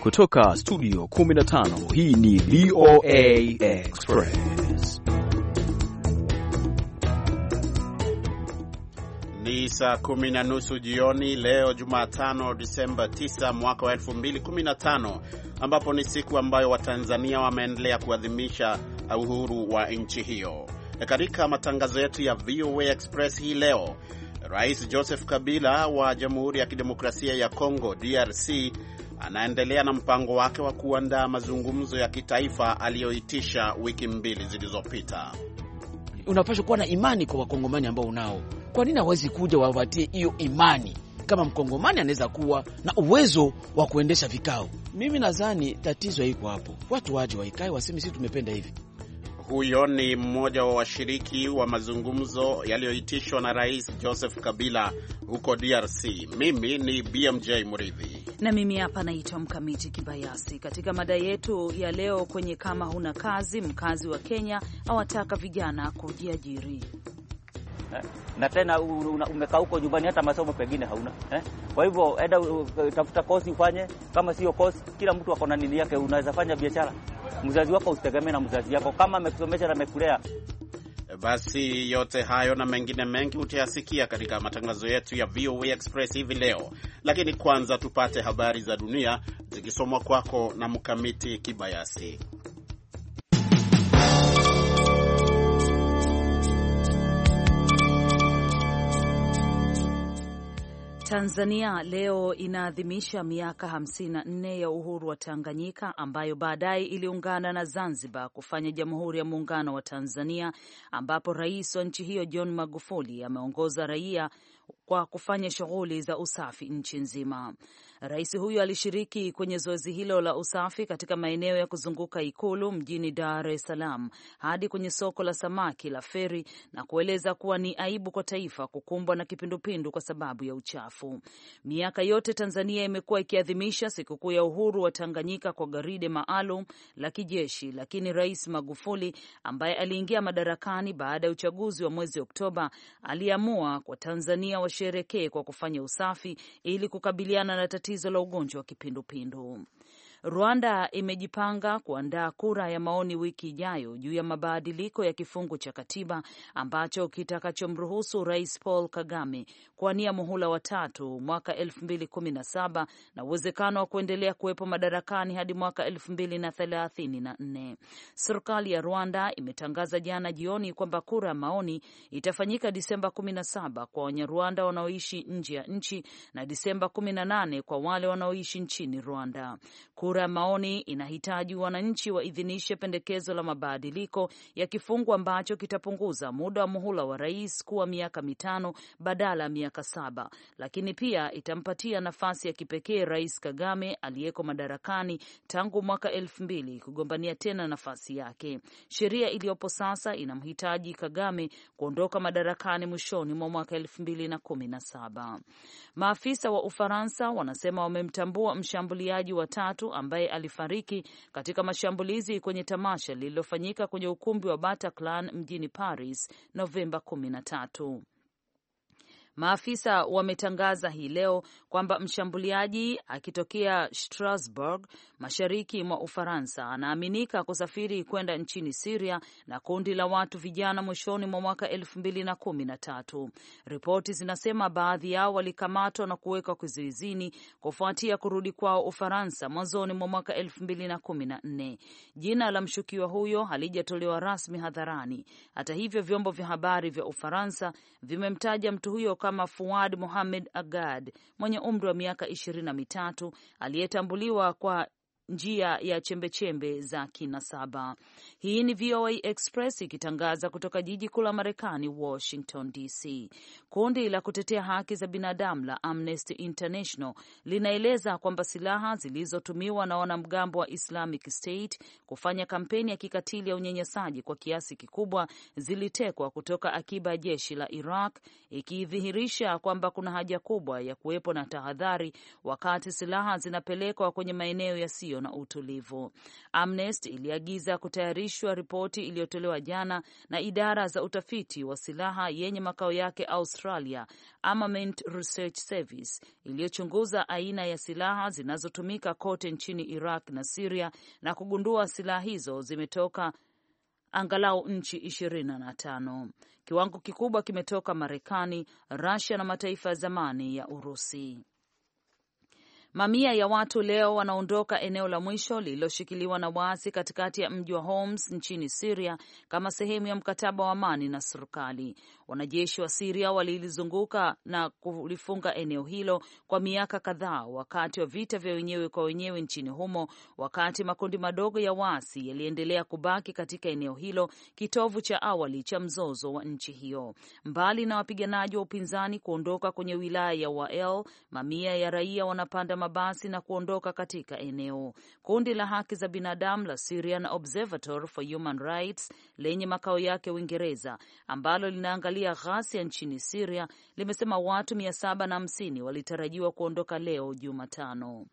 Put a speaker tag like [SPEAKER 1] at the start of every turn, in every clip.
[SPEAKER 1] Kutoka studio
[SPEAKER 2] 15 hii ni VOA
[SPEAKER 1] Express.
[SPEAKER 3] Ni saa kumi na nusu jioni leo Jumatano, Disemba 9 mwaka wa 2015 ambapo ni siku ambayo Watanzania wameendelea kuadhimisha uhuru wa nchi hiyo. Katika matangazo yetu ya VOA Express hii leo Rais Joseph Kabila wa Jamhuri ya Kidemokrasia ya Kongo DRC anaendelea na mpango wake wa kuandaa mazungumzo ya kitaifa aliyoitisha wiki mbili zilizopita.
[SPEAKER 1] Unapaswa kuwa na imani kwa wakongomani ambao unao. Kwa nini hawezi kuja wawatie hiyo imani? Kama mkongomani anaweza kuwa na uwezo wa kuendesha vikao, mimi nadhani tatizo haiko hapo. Watu waje waikae, waseme sisi tumependa hivi.
[SPEAKER 3] Huyo ni mmoja wa washiriki wa mazungumzo yaliyoitishwa na Rais Joseph Kabila huko DRC. Mimi ni BMJ Muridhi
[SPEAKER 4] na mimi hapa naitwa Mkamiti Kibayasi. Katika mada yetu ya leo kwenye kama huna kazi, mkazi wa Kenya awataka vijana kujiajiri.
[SPEAKER 5] Eh? na tena umekaa huko nyumbani, hata masomo pengine hauna eh? Kwa hivyo enda tafuta kosi ufanye, kama sio kosi, kila mtu akona nini yake. Unaweza fanya biashara, mzazi wako usitegemee na mzazi yako, kama amekusomesha na amekulea eh, basi
[SPEAKER 3] yote hayo na mengine mengi utayasikia katika matangazo yetu ya VOA Express hivi leo, lakini kwanza tupate habari za dunia zikisomwa kwako na Mkamiti Kibayasi.
[SPEAKER 4] Tanzania leo inaadhimisha miaka 54 ya uhuru wa Tanganyika ambayo baadaye iliungana na Zanzibar kufanya Jamhuri ya Muungano wa Tanzania ambapo rais wa nchi hiyo John Magufuli ameongoza raia kwa kufanya shughuli za usafi nchi nzima. Rais huyo alishiriki kwenye zoezi hilo la usafi katika maeneo ya kuzunguka ikulu mjini Dar es Salaam hadi kwenye soko la samaki la Feri na kueleza kuwa ni aibu kwa taifa kukumbwa na kipindupindu kwa sababu ya uchafu. Miaka yote Tanzania imekuwa ikiadhimisha sikukuu ya uhuru wa Tanganyika kwa garide maalum la kijeshi, lakini Rais Magufuli ambaye aliingia madarakani baada ya uchaguzi wa mwezi Oktoba aliamua kwa Tanzania washerekee kwa kufanya usafi ili kukabiliana na tatizo la ugonjwa wa kipindupindu. Rwanda imejipanga kuandaa kura ya maoni wiki ijayo juu ya mabadiliko ya kifungu cha katiba ambacho kitakachomruhusu Rais Paul Kagame kuwania muhula wa tatu mwaka 2017 na uwezekano wa kuendelea kuwepo madarakani hadi mwaka 2034. Serikali ya Rwanda imetangaza jana jioni kwamba kura ya maoni itafanyika Disemba 17 kwa Wanyarwanda wanaoishi nje ya nchi na Disemba 18 kwa wale wanaoishi nchini Rwanda. Kura Kura ya maoni inahitaji wananchi waidhinishe pendekezo la mabadiliko ya kifungu ambacho kitapunguza muda wa muhula wa rais kuwa miaka mitano badala ya miaka saba, lakini pia itampatia nafasi ya kipekee Rais Kagame aliyeko madarakani tangu mwaka elfu mbili kugombania tena nafasi yake. Sheria iliyopo sasa inamhitaji Kagame kuondoka madarakani mwishoni mwa mwaka elfu mbili na kumi na saba. Maafisa wa Ufaransa wanasema wamemtambua mshambuliaji wa tatu ambaye alifariki katika mashambulizi kwenye tamasha lililofanyika kwenye ukumbi wa Bataclan mjini Paris Novemba 13. Maafisa wametangaza hii leo kwamba mshambuliaji akitokea Strasbourg, mashariki mwa Ufaransa, anaaminika kusafiri kwenda nchini Siria na kundi la watu vijana mwishoni mwa mwaka elfu mbili na kumi na tatu. Ripoti zinasema baadhi yao walikamatwa na kuwekwa kizuizini kufuatia kurudi kwao Ufaransa mwanzoni mwa mwaka elfu mbili na kumi na nne. Jina la mshukiwa huyo halijatolewa rasmi hadharani. Hata hivyo, vyombo vya habari vya Ufaransa vimemtaja mtu huyo kama Fuad Mohamed Agad mwenye umri wa miaka ishirini na mitatu aliyetambuliwa kwa njia ya chembechembe za kinasaba. Hii ni VOA Express ikitangaza kutoka jiji kuu la Marekani, Washington DC. Kundi la kutetea haki za binadamu la Amnesty International linaeleza kwamba silaha zilizotumiwa na wanamgambo wa Islamic State kufanya kampeni ya kikatili ya unyanyasaji kwa kiasi kikubwa zilitekwa kutoka akiba ya jeshi la Iraq, ikidhihirisha kwamba kuna haja kubwa ya kuwepo na tahadhari wakati silaha zinapelekwa kwenye maeneo yasiyo na utulivu. Amnesty iliagiza kutayarishwa ripoti iliyotolewa jana na idara za utafiti wa silaha yenye makao yake Australia, Armament Research Service, iliyochunguza aina ya silaha zinazotumika kote nchini Iraq na Siria na kugundua silaha hizo zimetoka angalau nchi ishirini na tano. Kiwango kikubwa kimetoka Marekani, Rasia na mataifa ya zamani ya Urusi. Mamia ya watu leo wanaondoka eneo la mwisho lililoshikiliwa na waasi katikati ya mji wa Homs nchini siria kama sehemu ya mkataba wa amani na serikali. Wanajeshi wa Siria walilizunguka na kulifunga eneo hilo kwa miaka kadhaa wakati wa vita vya wenyewe kwa wenyewe nchini humo, wakati makundi madogo ya waasi yaliendelea kubaki katika eneo hilo, kitovu cha awali cha mzozo wa nchi hiyo. Mbali na wapiganaji wa upinzani kuondoka kwenye wilaya ya Wael, mamia ya raia wanapanda mabasi na kuondoka katika eneo. Kundi la haki za binadamu la Syrian Observatory for Human Rights lenye makao yake Uingereza ambalo linaangalia kufuatilia ghasia nchini Siria limesema watu 750 walitarajiwa kuondoka leo Jumatano.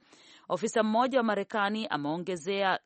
[SPEAKER 4] Ofisa mmoja wa Marekani ameongezea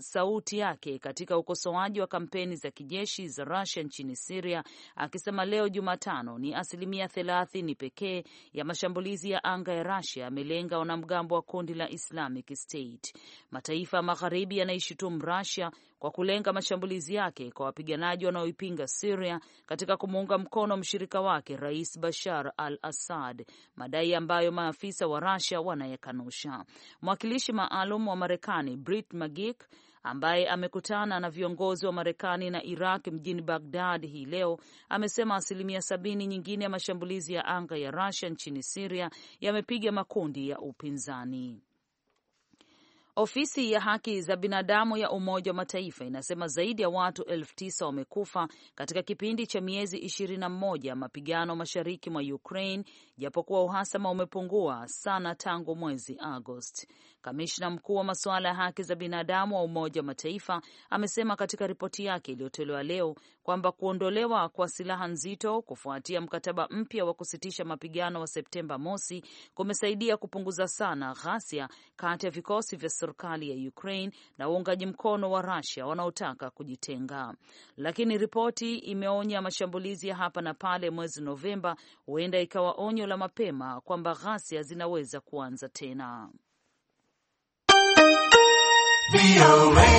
[SPEAKER 4] sauti yake katika ukosoaji wa kampeni za kijeshi za Russia nchini Syria akisema leo Jumatano ni asilimia thelathini pekee ya mashambulizi ya anga ya Russia yamelenga wanamgambo wa kundi la Islamic State. Mataifa ya magharibi yanaishutumu Russia kwa kulenga mashambulizi yake kwa wapiganaji wanaoipinga siria katika kumuunga mkono mshirika wake Rais Bashar al-Assad, madai ambayo maafisa wa rasia wanayekanusha Mwakilishi maalum wa Marekani Brit Magik ambaye amekutana na viongozi wa Marekani na Iraq mjini Bagdad hii leo amesema asilimia sabini nyingine ya mashambulizi ya anga ya rasia nchini siria yamepiga makundi ya upinzani. Ofisi ya haki za binadamu ya Umoja wa Mataifa inasema zaidi ya watu elfu tisa wamekufa katika kipindi cha miezi ishirini na mmoja mapigano mashariki mwa Ukraine, japokuwa uhasama umepungua sana tangu mwezi Agosti. Kamishna mkuu wa masuala ya haki za binadamu wa Umoja wa Mataifa amesema katika ripoti yake iliyotolewa leo kwamba kuondolewa kwa silaha nzito kufuatia mkataba mpya wa kusitisha mapigano wa Septemba mosi kumesaidia kupunguza sana ghasia kati ya vikosi vya serikali ya Ukraine na uungaji mkono wa rasia wanaotaka kujitenga. Lakini ripoti imeonya mashambulizi ya hapa na pale mwezi Novemba huenda ikawa onyo la mapema kwamba ghasia zinaweza kuanza tena. Be VOA.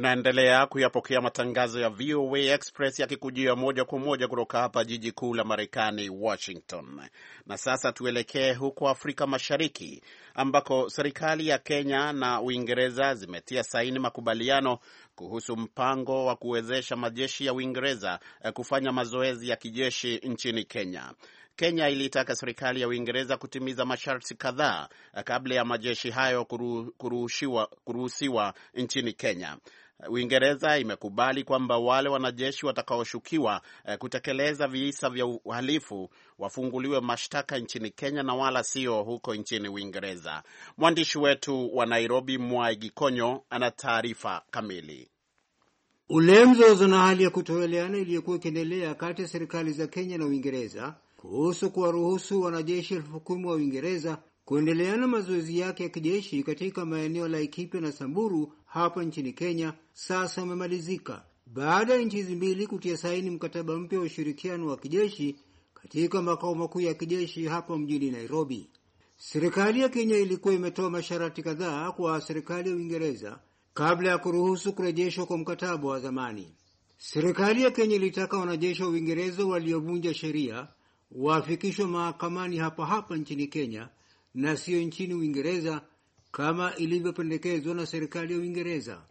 [SPEAKER 3] Unaendelea kuyapokea matangazo ya VOA Express yakikujia moja kwa moja kutoka hapa jiji kuu la Marekani, Washington. Na sasa tuelekee huko Afrika Mashariki, ambako serikali ya Kenya na Uingereza zimetia saini makubaliano kuhusu mpango wa kuwezesha majeshi ya Uingereza eh, kufanya mazoezi ya kijeshi nchini Kenya. Kenya iliitaka serikali ya Uingereza kutimiza masharti kadhaa eh, kabla ya majeshi hayo kuruhusiwa nchini Kenya. Uingereza imekubali kwamba wale wanajeshi watakaoshukiwa eh, kutekeleza visa vya uhalifu wafunguliwe mashtaka nchini Kenya na wala sio huko nchini Uingereza. Mwandishi wetu wa Nairobi, Mwai Gikonyo, ana taarifa kamili.
[SPEAKER 6] Ule mzozo na hali ya kutoeleana iliyokuwa ikiendelea kati ya serikali za Kenya na Uingereza kuhusu kuwaruhusu wanajeshi elfu kumi wa Uingereza kuendelea na mazoezi yake ya kijeshi katika maeneo la Ikipe na Samburu hapa nchini Kenya sasa amemalizika baada ya nchi hizi mbili kutia saini mkataba mpya wa ushirikiano wa kijeshi katika makao makuu ya kijeshi hapa mjini Nairobi. Serikali ya Kenya ilikuwa imetoa masharti kadhaa kwa serikali ya Uingereza kabla ya kuruhusu kurejeshwa kwa mkataba wa zamani. Serikali ya Kenya ilitaka wanajeshi wa Uingereza waliovunja sheria waafikishwe mahakamani hapa hapa nchini Kenya na siyo nchini Uingereza kama ilivyopendekezwa na serikali ya Uingereza.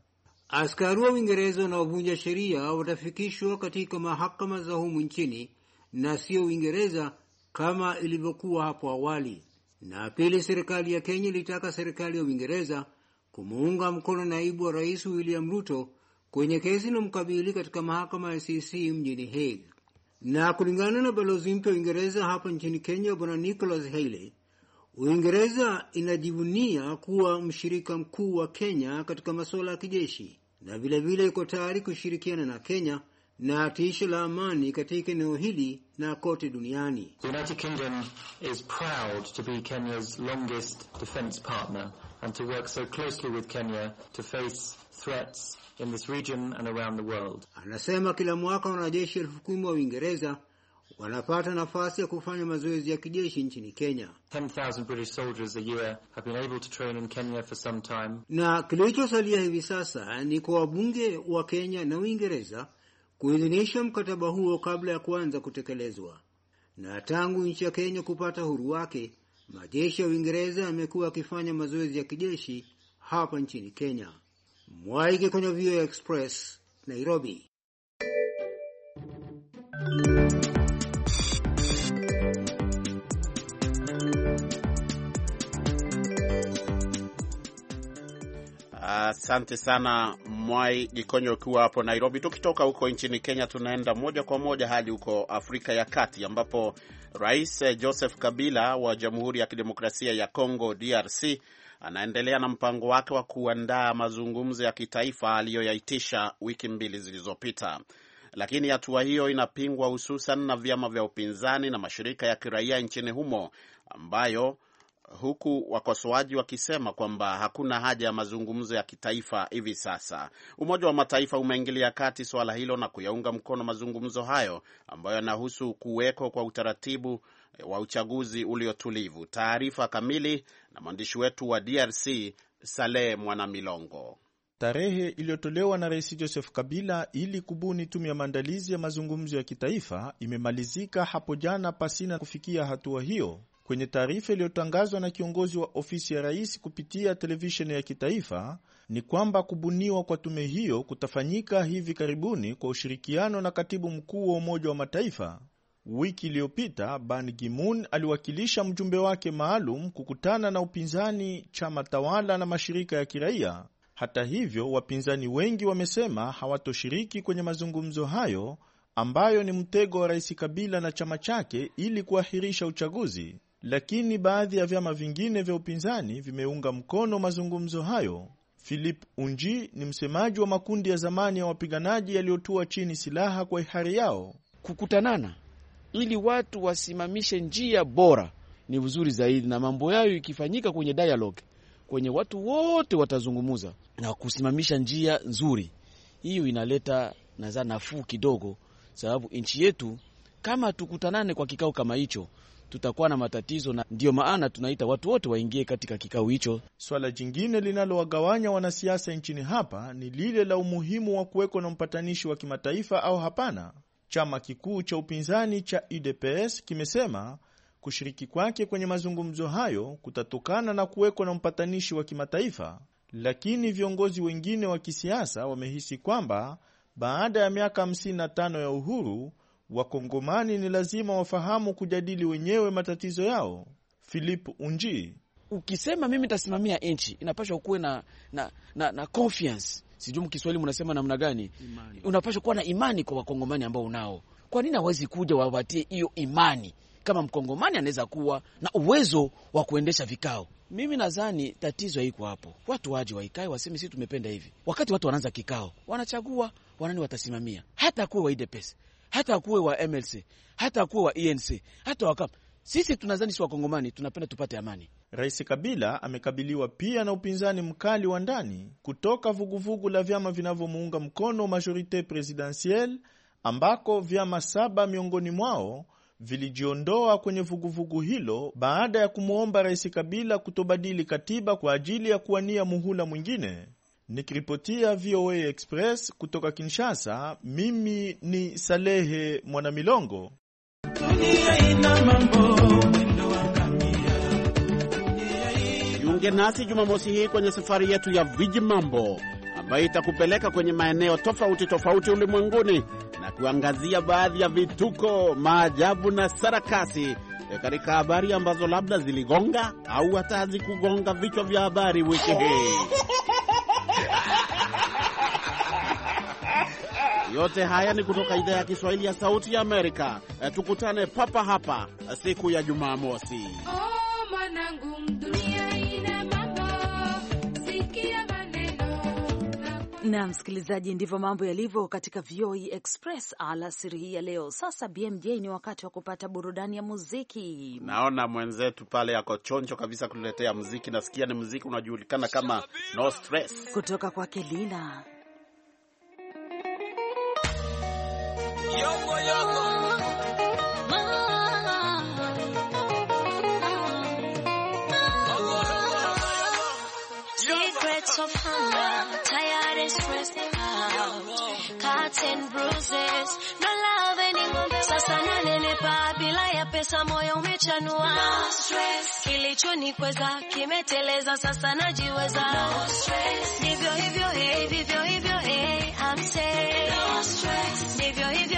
[SPEAKER 6] Askari wa Uingereza wanaovunja sheria watafikishwa katika mahakama za humu nchini na siyo Uingereza kama ilivyokuwa hapo awali. Na pili, serikali ya Kenya ilitaka serikali ya Uingereza kumuunga mkono naibu wa rais William Ruto kwenye kesi na mkabili katika mahakama ya CC mjini Hague. Na kulingana na balozi mpya wa Uingereza hapa nchini Kenya, Bwana Nicholas Haley, Uingereza inajivunia kuwa mshirika mkuu wa Kenya katika masuala ya kijeshi na vilevile iko tayari kushirikiana na Kenya na tisho la amani katika eneo hili na kote duniani. The
[SPEAKER 7] United Kingdom is proud to be Kenya's longest defense partner and to work so closely with Kenya to face threats in this region and around the world.
[SPEAKER 6] Anasema kila mwaka wanajeshi elfu kumi wa Uingereza wanapata nafasi ya kufanya mazoezi ya kijeshi nchini Kenya.
[SPEAKER 7] 10,000 British soldiers a year have been able to train in Kenya for some time.
[SPEAKER 6] Na kilichosalia hivi sasa ni kwa wabunge wa Kenya na Uingereza kuidhinisha mkataba huo kabla ya kuanza kutekelezwa. Na tangu nchi ya Kenya kupata huru wake, majeshi ya Uingereza yamekuwa yakifanya mazoezi ya kijeshi hapa nchini Kenya. Mwaige kwenye VOA Express, Nairobi.
[SPEAKER 3] Asante uh, sana Mwai Gikonyo ukiwa hapo Nairobi. Tukitoka huko nchini Kenya, tunaenda moja kwa moja hadi huko Afrika ya Kati ambapo Rais eh, Joseph Kabila wa Jamhuri ya Kidemokrasia ya congo DRC anaendelea na mpango wake wa kuandaa mazungumzo ya kitaifa aliyoyaitisha wiki mbili zilizopita, lakini hatua hiyo inapingwa hususan na vyama vya upinzani na mashirika ya kiraia nchini humo ambayo huku wakosoaji wakisema kwamba hakuna haja ya mazungumzo ya kitaifa hivi sasa. Umoja wa Mataifa umeingilia kati suala hilo na kuyaunga mkono mazungumzo hayo ambayo yanahusu kuwekwa kwa utaratibu eh, wa uchaguzi uliotulivu. Taarifa kamili na mwandishi wetu wa DRC Saleh Mwanamilongo.
[SPEAKER 8] Tarehe iliyotolewa na Rais Joseph Kabila ili kubuni tume ya maandalizi ya mazungumzo ya kitaifa imemalizika hapo jana pasina kufikia hatua hiyo Kwenye taarifa iliyotangazwa na kiongozi wa ofisi ya rais kupitia televisheni ya kitaifa ni kwamba kubuniwa kwa tume hiyo kutafanyika hivi karibuni kwa ushirikiano na katibu mkuu wa Umoja wa Mataifa. Wiki iliyopita Ban Ki-moon aliwakilisha mjumbe wake maalum kukutana na upinzani, chama tawala na mashirika ya kiraia. Hata hivyo, wapinzani wengi wamesema hawatoshiriki kwenye mazungumzo hayo ambayo ni mtego wa Rais Kabila na chama chake ili kuahirisha uchaguzi lakini baadhi ya vyama vingine vya upinzani vimeunga mkono mazungumzo hayo. Philip Unji ni msemaji wa makundi ya zamani ya wapiganaji yaliyotua
[SPEAKER 1] chini silaha kwa hiari yao. Kukutanana ili watu wasimamishe njia bora ni vizuri zaidi, na mambo yayo ikifanyika kwenye dialogue, kwenye watu wote watazungumuza na kusimamisha njia nzuri, hiyo inaleta naza nafuu kidogo, sababu nchi yetu kama tukutanane kwa kikao kama hicho tutakuwa na matatizo, na ndiyo maana tunaita watu wote waingie katika kikao hicho. Swala
[SPEAKER 8] jingine linalowagawanya wanasiasa nchini hapa ni lile la umuhimu wa kuweko na mpatanishi wa kimataifa au hapana. Chama kikuu cha upinzani cha UDPS kimesema kushiriki kwake kwenye mazungumzo hayo kutatokana na kuweko na mpatanishi wa kimataifa, lakini viongozi wengine wa kisiasa wamehisi kwamba baada ya miaka 55 ya uhuru Wakongomani ni lazima wafahamu kujadili
[SPEAKER 1] wenyewe matatizo yao. Philip Unji: ukisema mimi nitasimamia nchi, inapashwa kuwe na, na, na, na confiance, sijui mkiswahili mnasema namna gani? Unapashwa kuwa na imani kwa wakongomani ambao unao. Kwa nini hawezi kuja wawatie hiyo imani? Kama mkongomani anaweza kuwa na uwezo wa kuendesha vikao mimi nadhani tatizo haiko hapo. Watu waje waikae waseme sisi tumependa hivi, wakati watu wanaanza kikao wanachagua wanani watasimamia, hata kuwe waide pesa hata akuwe wa MLC, hata akuwe wa ENC, hata wakap. Sisi tunazani si Wakongomani, tunapenda tupate amani. Rais Kabila amekabiliwa pia na
[SPEAKER 8] upinzani mkali wa ndani kutoka vuguvugu la vyama vinavyomuunga mkono Majorite Presidentiel, ambako vyama saba miongoni mwao vilijiondoa kwenye vuguvugu hilo baada ya kumwomba Rais Kabila kutobadili katiba kwa ajili ya kuwania muhula mwingine. Nikiripotia VOA Express kutoka Kinshasa, mimi ni Salehe Mwanamilongo.
[SPEAKER 3] Jiunge nasi Jumamosi hii kwenye safari yetu ya viji mambo ambayo itakupeleka kwenye maeneo tofauti tofauti ulimwenguni na kuangazia baadhi ya vituko, maajabu na sarakasi e, katika habari ambazo labda ziligonga au hata hazikugonga vichwa vya habari wiki hii. Yote haya ni kutoka idhaa ya Kiswahili ya Sauti ya Amerika. E, tukutane papa hapa siku
[SPEAKER 4] ya Jumamosi. Oh, na msikilizaji, ndivyo mambo yalivyo katika VOA Express alasiri hii ya leo. Sasa BMJ, ni wakati wa kupata burudani ya muziki.
[SPEAKER 3] Naona mwenzetu pale ako chonjo kabisa kutuletea muziki. Nasikia ni muziki unajulikana kama No Stress
[SPEAKER 4] kutoka kwake Lila
[SPEAKER 7] of hunger, tired expressed out, Sasa moyo umechanua, kilichonikweza kimeteleza, sasa najiweza, ndivyo hivyo, hey, vivyo hivyo, hey, I'm safe, ndivyo hivyo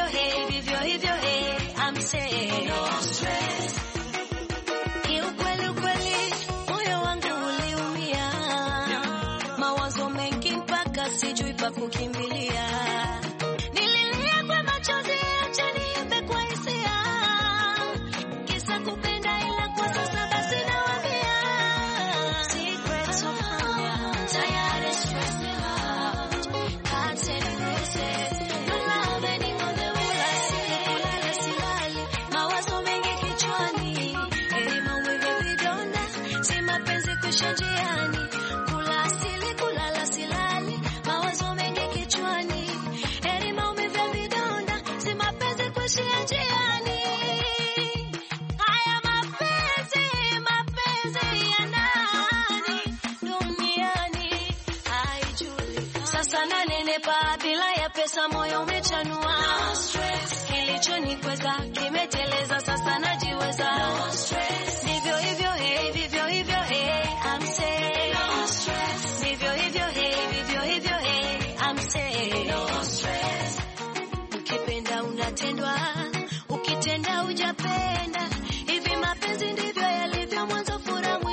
[SPEAKER 7] kukimbia maisha njiani, kula asili, kulala silali, mawazo mengi kichwani, heri maumivu ya vidonda, si mapenzi kuishia njiani. Pesa moyo umechanua, kilichonikweza kimeteleza.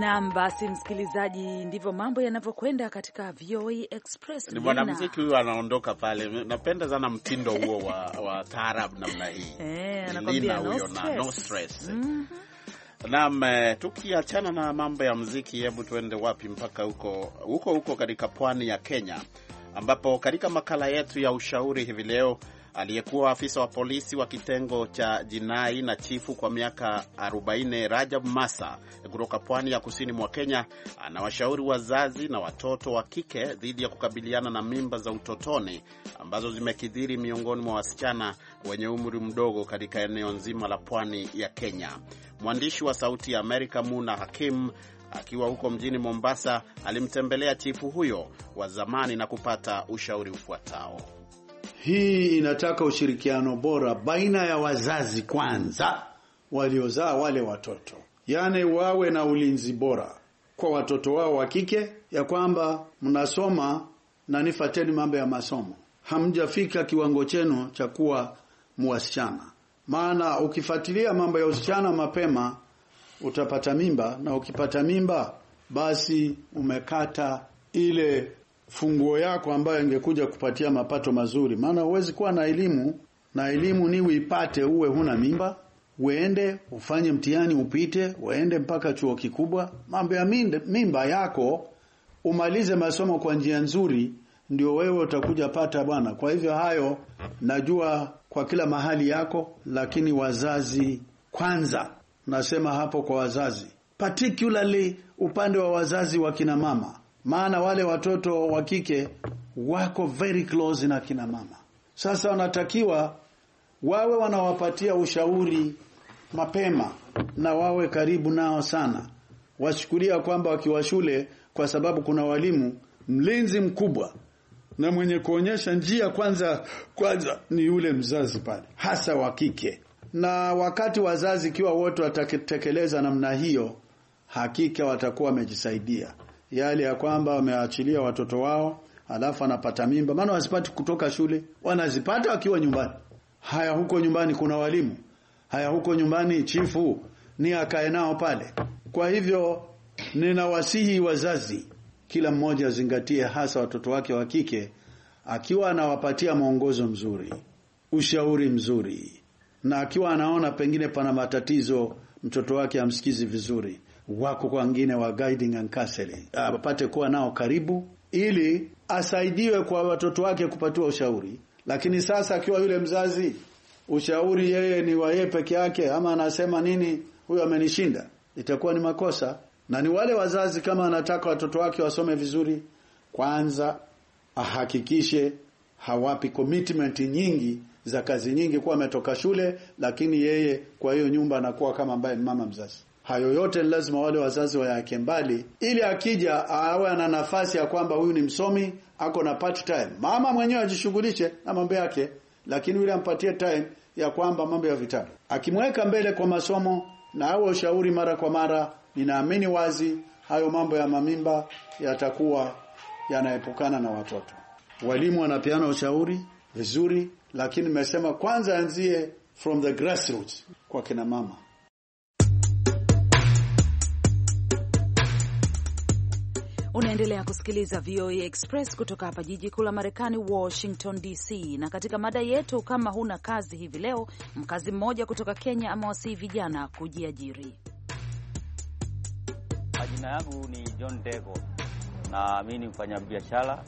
[SPEAKER 4] Naam, basi msikilizaji, ndivyo mambo yanavyokwenda katika VOA Express. Ni mwanamuziki
[SPEAKER 3] huyu anaondoka pale, napenda sana mtindo huo wa, wa taarab namna hii
[SPEAKER 4] e, huyo no no
[SPEAKER 3] stress. Mhm. Naam, eh, tukiachana na mambo ya mziki hebu tuende wapi? Mpaka huko huko huko katika pwani ya Kenya, ambapo katika makala yetu ya ushauri hivi leo Aliyekuwa afisa wa polisi wa kitengo cha jinai na chifu kwa miaka 40 Rajab Massa kutoka pwani ya kusini mwa Kenya anawashauri wazazi na watoto wa kike dhidi ya kukabiliana na mimba za utotoni ambazo zimekithiri miongoni mwa wasichana wenye umri mdogo katika eneo nzima la pwani ya Kenya. Mwandishi wa Sauti ya Amerika Muna Hakim akiwa huko mjini Mombasa alimtembelea chifu huyo wa zamani na kupata ushauri ufuatao.
[SPEAKER 9] Hii inataka ushirikiano bora baina ya wazazi kwanza waliozaa wale watoto, yaani wawe na ulinzi bora kwa watoto wao wa kike, ya kwamba mnasoma na nifateni mambo ya masomo, hamjafika kiwango chenu cha kuwa mwasichana. Maana ukifuatilia mambo ya usichana mapema utapata mimba, na ukipata mimba basi umekata ile funguo yako ambayo ingekuja kupatia mapato mazuri maana huwezi kuwa na elimu na elimu ni uipate uwe huna mimba uende ufanye mtihani upite uende mpaka chuo kikubwa mambo ya mimba yako umalize masomo kwa njia nzuri ndio wewe utakuja pata bwana kwa hivyo hayo najua kwa kila mahali yako lakini wazazi kwanza nasema hapo kwa wazazi particularly upande wa wazazi wa kina mama maana wale watoto wa kike wako very close na kina mama. Sasa wanatakiwa wawe wanawapatia ushauri mapema na wawe karibu nao sana, washukulia kwamba wakiwa shule, kwa sababu kuna walimu, mlinzi mkubwa na mwenye kuonyesha njia kwanza kwanza ni yule mzazi pale, hasa wa kike. Na wakati wazazi ikiwa wote watatekeleza namna hiyo, hakika watakuwa wamejisaidia yale ya kwamba wameachilia watoto wao alafu anapata mimba maana wasipati kutoka shule wanazipata wakiwa nyumbani haya huko nyumbani kuna walimu haya huko nyumbani chifu ni akae nao pale kwa hivyo ninawasihi wazazi kila mmoja azingatie hasa watoto wake wa kike akiwa anawapatia mwongozo mzuri ushauri mzuri na akiwa anaona pengine pana matatizo mtoto wake amsikizi vizuri wako kwa wengine wa guiding and counseling, ah, apate kuwa nao karibu, ili asaidiwe kwa watoto wake kupatiwa ushauri. Lakini sasa akiwa yule mzazi ushauri yeye ni wa yeye peke yake, ama anasema nini, huyu amenishinda, itakuwa ni makosa. Na ni wale wazazi, kama anataka watoto wake wasome vizuri, kwanza ahakikishe hawapi commitment nyingi za kazi nyingi, kuwa ametoka shule, lakini yeye kwa hiyo nyumba anakuwa kama ambaye mama mzazi. Hayo yote lazima wale wazazi wayake mbali, ili akija awe ana nafasi ya kwamba huyu ni msomi, ako na part time. Mama mwenyewe ajishughulishe na mambo yake, lakini yule ampatie time ya kwamba mambo ya vitabu, akimweka mbele kwa masomo na awe ushauri mara kwa mara, ninaamini wazi hayo mambo ya mamimba yatakuwa yanaepukana na watoto. Walimu wanapeana ushauri vizuri, lakini nimesema kwanza anzie from the grassroots kwa kina mama.
[SPEAKER 4] Unaendelea kusikiliza VOA Express kutoka hapa jiji kuu la Marekani, Washington DC. Na katika mada yetu kama huna kazi hivi leo, mkazi mmoja kutoka Kenya amewasihi vijana kujiajiri.
[SPEAKER 5] Majina yangu ni John Dego na mi ni mfanyabiashara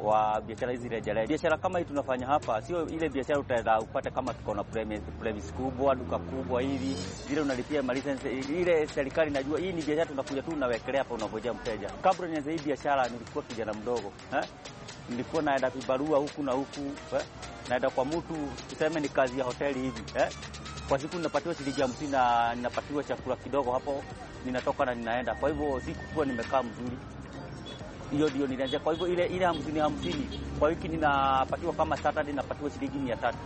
[SPEAKER 5] wa biashara hizi rejareja. Biashara kama hii tunafanya hapa sio ile biashara utaenda upate kama tuko na premise, premise kubwa, duka kubwa hivi, vile unalipia malicense ile serikali najua. Hii ni biashara tunakuja tu unawekelea hapa, unavojea mteja. Kabla nianze hii biashara nilikuwa kijana mdogo eh? Nilikuwa naenda vibarua huku na huku eh? Naenda kwa mtu tuseme ni kazi ya hoteli hivi eh? Kwa siku ninapatiwa shilingi hamsini na ninapatiwa chakula kidogo hapo, ninatoka na ninaenda. Kwa hivyo sikukuwa nimekaa mzuri hiyo ndio nilianzia. Kwa hivyo ile ile hamsini hamsini kwa wiki ninapatiwa, kama Saturday napatiwa shilingi mia tatu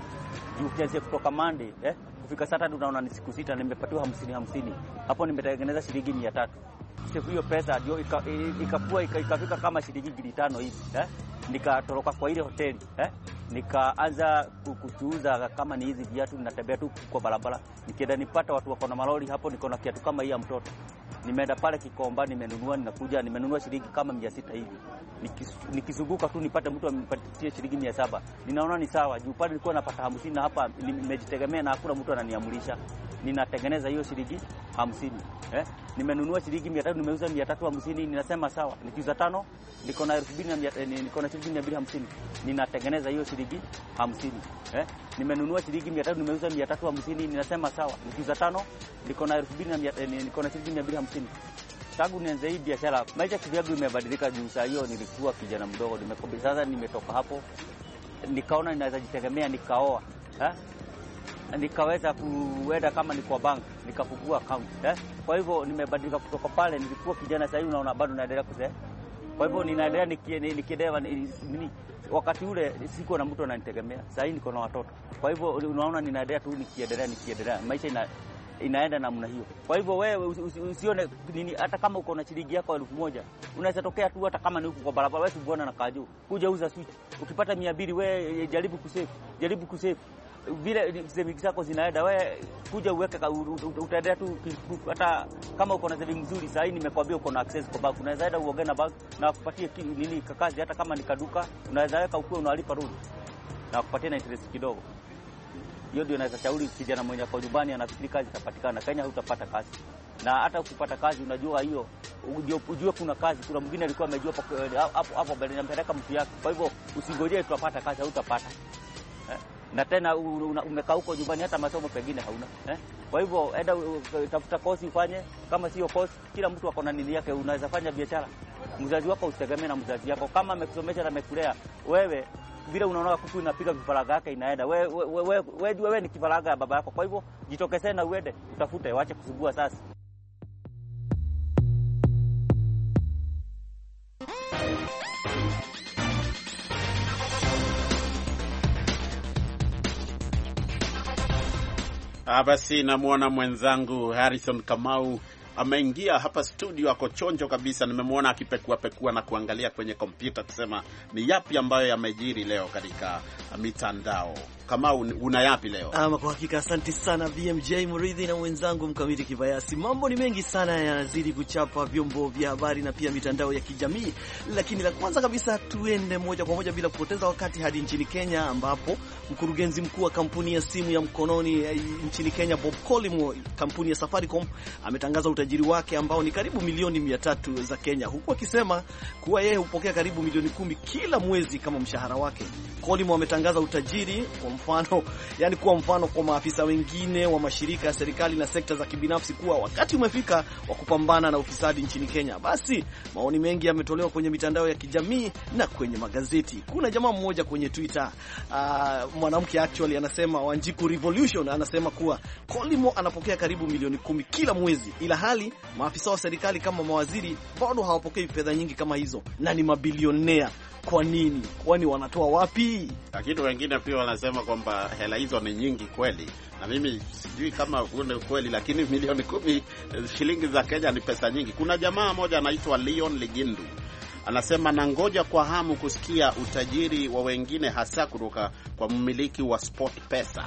[SPEAKER 5] juu kutoka Monday eh, kufika Saturday unaona ni siku sita, nimepatiwa hamsini hamsini hapo nimetengeneza shilingi mia tatu Siku hiyo pesa ndio ikakua ikafika ika, kama shilingi gili tano hivi eh, nikatoroka kwa ile hoteli eh, nikaanza kuchuuza kama ni hizi viatu, ninatembea tu kwa barabara, nikienda nipata watu wako na malori hapo, niko na kiatu kama hii ya mtoto nimeenda pale Kikomba, nimenunua, ninakuja, nimenunua shilingi kama mia sita hivi. Nikizunguka tu nipate mtu amepatia shilingi mia saba ninaona ni sawa, juu pale nilikuwa napata hamsini na hapa nimejitegemea na hakuna mtu ananiamulisha ninatengeneza hiyo shilingi hamsini eh? Nimenunua shilingi mia tatu nimeuza mia tatu hamsini ninasema sawa, nikiuza tano niko na elfu mbili eh, niko na shilingi mia mbili hamsini ninatengeneza hiyo shilingi hamsini eh? Nimenunua shilingi mia tatu nimeuza mia tatu hamsini ninasema sawa, nikiuza tano niko na elfu mbili eh, niko na shilingi mia mbili hamsini Tangu nianze hii biashara, maisha kivyangu imebadilika. Juu saa hiyo nilikuwa kijana mdogo, nimekobi. sasa, nimetoka hapo nikaona ninaweza jitegemea, nikaoa eh? nikaweza kuenda kama ni kwa bank nikafungua account eh. Kwa hivyo nimebadilika kutoka pale nilikuwa kijana, sasa hivi unaona bado naendelea kuzee. Kwa hivyo ninaendelea nikiendelea nini, wakati ule siko na mtu ananitegemea, sasa hivi niko na watoto. Kwa hivyo unaona ninaendelea tu nikiendelea nikiendelea, maisha ina inaenda namna hiyo. Kwa hivyo wewe usione nini, hata kama uko na shilingi yako elfu moja unaweza tokea tu, hata kama ni huko kwa barabara, wewe bwana na kaju kuja uza switch, ukipata 200 wewe eh, jaribu kusave, jaribu kusave vile savings zako zinaenda, wewe kuja uweke, utaendelea tu hata kama uko na savings nzuri. Sasa hii nimekwambia uko na access kwa bank, unaweza enda uongee na bank na wakupatie nini kakazi, hata kama nikaduka, unaweza weka ukiwa unalipa loan na kupatia na interest kidogo. Hiyo ndio naweza shauri kijana mwenye kwa nyumbani anafikiri kazi itapatikana. Kenya hutapata kazi, na hata ukipata kazi, unajua hiyo ujue kuna kazi. Kuna mwingine alikuwa amejua hapo hapo mbele, nampeleka mtu yake. Kwa hivyo usingojee tutapata kazi, hutapata na tena umekaa huko nyumbani, hata masomo pengine hauna eh? Kwa hivyo enda tafuta kosi ufanye, kama sio kosi, kila mtu akona nini yake. Unaweza fanya biashara, mzazi wako usitegemee na mzazi yako, kama amekusomesha na amekulea wewe vile unaona kuku inapiga vifaranga yake inaenda, we we, we, we, we, we ni kifaranga ya baba yako. Kwa hivyo jitokeze na uende utafute, wache kusugua sasa.
[SPEAKER 3] Ah, basi namwona mwenzangu Harrison Kamau ameingia hapa studio, ako chonjo kabisa. Nimemwona akipekua pekua na kuangalia kwenye kompyuta kusema ni yapi ambayo yamejiri leo katika mitandao kama una yapi leo?
[SPEAKER 2] Ama ah, kwa hakika, asante sana BMJ Muridhi na mwenzangu Mkamiti Kibayasi. Mambo ni mengi sana yanazidi kuchapa vyombo vya habari na pia mitandao ya kijamii, lakini la kwanza kabisa tuende moja kwa moja bila kupoteza wakati hadi nchini Kenya, ambapo mkurugenzi mkuu wa kampuni ya simu ya mkononi eh, nchini Kenya, Bob Collymore, kampuni ya Safaricom, ametangaza utajiri wake ambao ni karibu milioni 300 za Kenya, huku akisema kuwa yeye hupokea karibu milioni kumi kila mwezi kama mshahara wake. Collymore ametangaza utajiri kwa mfano, yani kuwa mfano kwa maafisa wengine wa mashirika ya serikali na sekta za kibinafsi kuwa wakati umefika wa kupambana na ufisadi nchini Kenya. Basi maoni mengi yametolewa kwenye mitandao ya kijamii na kwenye magazeti. Kuna jamaa mmoja kwenye Twitter, uh, mwanamke actually anasema Wanjiku Revolution anasema kuwa Kolimo anapokea karibu milioni kumi kila mwezi, ila hali maafisa wa serikali kama mawaziri bado hawapokei
[SPEAKER 3] fedha nyingi kama hizo na ni
[SPEAKER 2] mabilionea. Kwa nini? Kwani wanatoa wapi?
[SPEAKER 3] Lakini wengine pia wanasema kwamba hela hizo ni nyingi kweli, na mimi sijui kama ni kweli, lakini milioni kumi shilingi za Kenya ni pesa nyingi. Kuna jamaa moja anaitwa Leon Ligindu anasema nangoja kwa hamu kusikia utajiri wa wengine hasa kutoka kwa mmiliki wa Sport Pesa.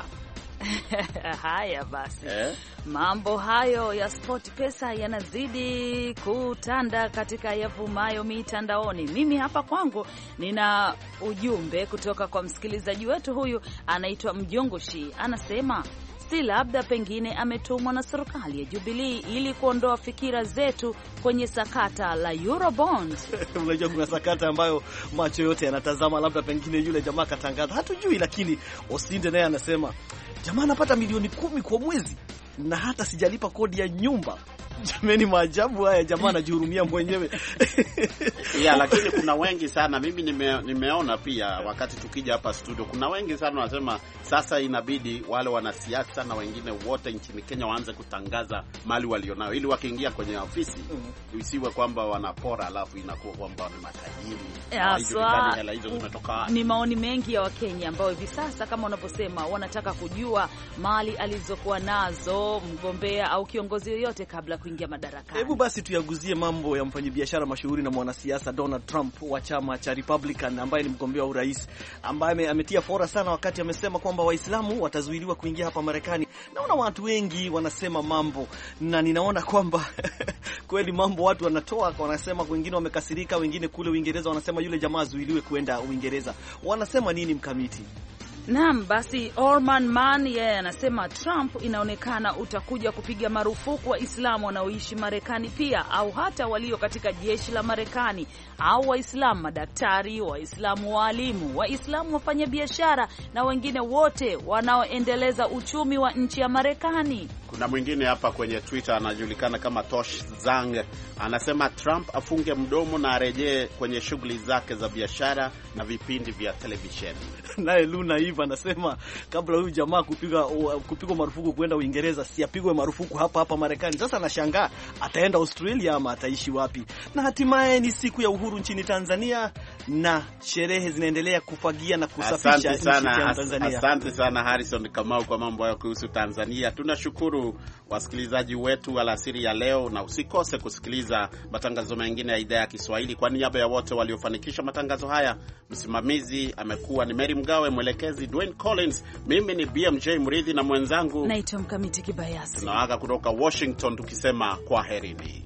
[SPEAKER 4] Haya basi eh? Mambo hayo ya Sport Pesa yanazidi kutanda katika yavumayo mitandaoni. Mimi hapa kwangu nina ujumbe kutoka kwa msikilizaji wetu, huyu anaitwa Mjongoshi, anasema si labda pengine ametumwa na serikali ya Jubilii ili kuondoa fikira zetu kwenye sakata la Eurobond.
[SPEAKER 2] Unajua kuna sakata ambayo macho yote yanatazama, labda pengine yule jamaa katangaza, hatujui. Lakini Osinde naye anasema jamaa anapata milioni kumi kwa mwezi, na hata sijalipa kodi ya nyumba. Jameni, maajabu haya, jamaa anajihurumia mwenyewe
[SPEAKER 3] yeah, lakini kuna wengi sana mimi nime, nimeona pia wakati tukija hapa studio, kuna wengi sana wanasema sasa inabidi wale wanasiasa na wengine wote nchini Kenya waanze kutangaza mali walionayo ili wakiingia kwenye ofisi mm -hmm. isiwe kwamba wanapora, alafu inakuwa kwamba ni matajiri. Ah, hela hizo zimetoka wapi? Ni
[SPEAKER 4] maoni mengi ya Wakenya ambao hivi sasa kama unavyosema wanataka kujua mali alizokuwa nazo mgombea au kiongozi yoyote kabla kuingia madarakani.
[SPEAKER 2] Hebu basi tuyaguzie mambo ya mfanyabiashara mashuhuri na mwanasiasa Donald Trump wa chama cha Republican ambaye ni mgombea wa urais ambaye ametia fora sana wakati amesema kwamba Waislamu watazuiliwa kuingia hapa Marekani. Naona watu wengi wanasema mambo na ninaona kwamba kweli mambo watu wanatoa wanasema, wengine wamekasirika, wengine kule Uingereza wanasema yule jamaa azuiliwe kuenda Uingereza. Wanasema nini mkamiti?
[SPEAKER 4] Naam, basi Orman Man yeye yeah, anasema Trump inaonekana utakuja kupiga marufuku Waislamu wanaoishi Marekani pia au hata walio katika jeshi la Marekani au Waislamu madaktari, Waislamu waalimu, Waislamu wafanya biashara na wengine wote wanaoendeleza uchumi wa nchi ya Marekani.
[SPEAKER 3] Kuna mwingine hapa kwenye Twitter anajulikana kama Tosh Zang anasema Trump afunge mdomo na arejee kwenye shughuli zake za biashara na vipindi vya televisheni.
[SPEAKER 5] Naye
[SPEAKER 2] Luna Live anasema kabla huyu jamaa kupiga kupigwa marufuku kwenda Uingereza, si apigwe marufuku hapa hapa Marekani. Sasa anashangaa ataenda Australia ama ataishi wapi? Na hatimaye ni siku ya uhuru nchini Tanzania na sherehe zinaendelea kufagia na kusafisha nchi ya Tanzania.
[SPEAKER 3] Asante sana Harrison Kamau kwa mambo hayo kuhusu Tanzania. Tunashukuru wasikilizaji wetu alasiri ya leo, na usikose kusikiliza matangazo mengine ya idhaa ya Kiswahili. Kwa niaba ya wote waliofanikisha matangazo haya, msimamizi amekuwa ni Mary Mgawe, mwelekezi Dwayne Collins, mimi ni BMJ Mridhi na mwenzangu
[SPEAKER 4] naitwa Mkamiti Kibayasi,
[SPEAKER 3] tunawaaga kutoka Washington tukisema kwaherini.